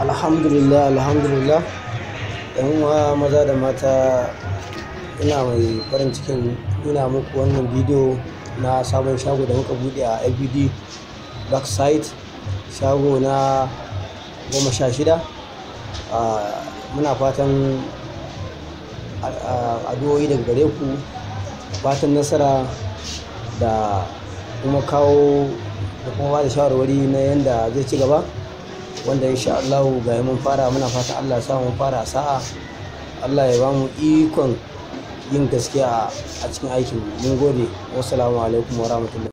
alhamdulillah alhamdulillah yan uwa maza da mata ina mai farin cikin nuna muku wannan bidiyo na sabon shago da muka bude a fbd backside shago na goma sha shida muna fatan addu'o'i daga gare ku fatan nasara da kuma kawo da kuma ba da shawarwari na yanda zai ci gaba wanda insha Allah ga mun fara muna fata Allah ya sa fara sa'a Allah ya ba mu ikon yin gaskiya a cikin aikin mun gode wasu alaikum wa rahmatullahi